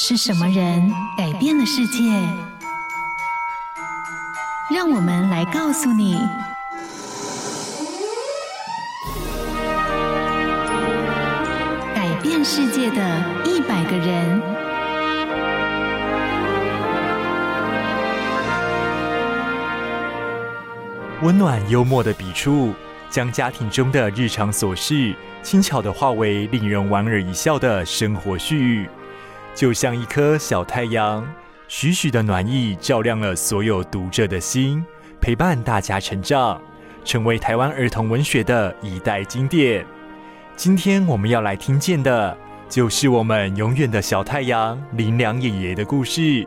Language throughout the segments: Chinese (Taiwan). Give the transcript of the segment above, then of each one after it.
是什麼人改變了世界？讓我們來告訴你：改變世界的一百個人。溫暖幽默的筆觸，將家庭中的日常瑣事，輕巧的化為令人莞爾一笑的生活絮語。就像一顆小太陽，徐徐的暖意照亮了所有讀者的心，陪伴大家成長，成為台灣兒童文學的一代經典。今天我們要來聽見的，就是我們永遠的小太陽林良爺爺的故事，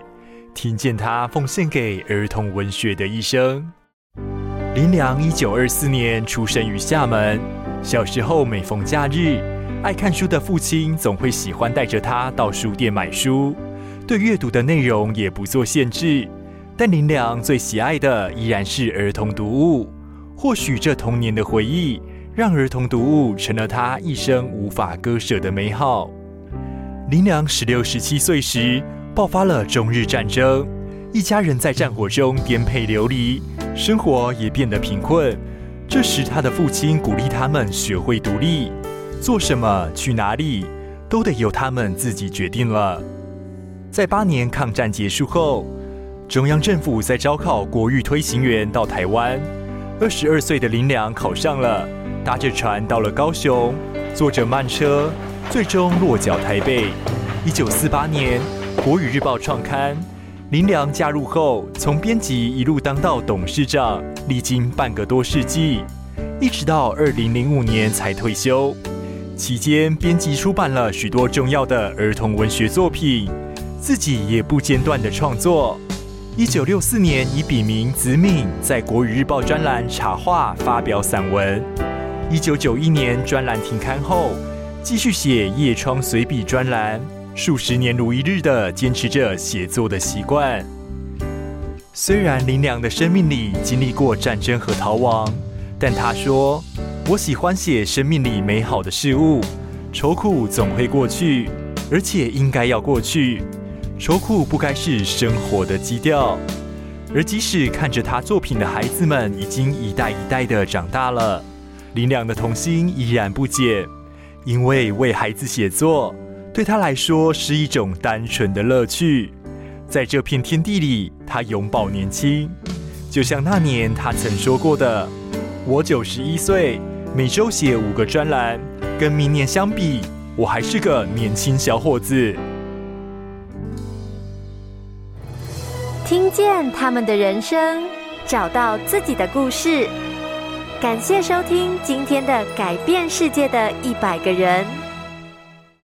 聽見他奉獻給兒童文學的一生。林良一九二四年出生於廈門，小時候每逢假日。愛看書的父親總會喜歡帶着他到書店買書，對閱讀的內容也不做限制。但林良最喜愛的依然是兒童讀物。或許這童年的回憶，讓兒童讀物成了他一生無法割捨的美好。林良十六、十七歲時爆發了中日戰爭，一家人在戰火中顛沛流離，生活也變得貧困。這時，他的父親鼓勵他們學會獨立。做什麼、去哪裡，都得由他們自己決定了。在八年抗戰結束後，中央政府在招考國語推行員到台灣。二十二歲的林良考上了，搭着船到了高雄，坐着慢車，最終落腳台北。一九四八年，《國語日報》創刊，林良加入後，從編輯一路當到董事長，歷經半個多世紀，一直到二零零五年才退休。期間，編輯出版了許多重要的兒童文學作品，自己也不間斷的創作。一九六四年，以筆名子敏在《國語日報》專欄茶話發表散文。一九九一年，專欄停刊後，繼續寫《夜窗隨筆》專欄，數十年如一日的堅持着寫作的習慣。雖然林良的生命裡經歷過戰爭和逃亡，但他說。我喜歡寫生命裡美好的事物，愁苦總會過去，而且應該要過去。愁苦不該是生活的基調。而即使看着他作品的孩子們已經一代一代的長大了，林良的童心依然不減。因為為孩子寫作對他來說是一種單純的樂趣。在這片天地裡，他永葆年輕。就像那年他曾說過的：“我九十一歲。”每週寫五個專欄，跟明年相比，我還是個年輕小伙子。聽見他們的人生，找到自己的故事。感謝收聽今天的《改變世界的一百個人》。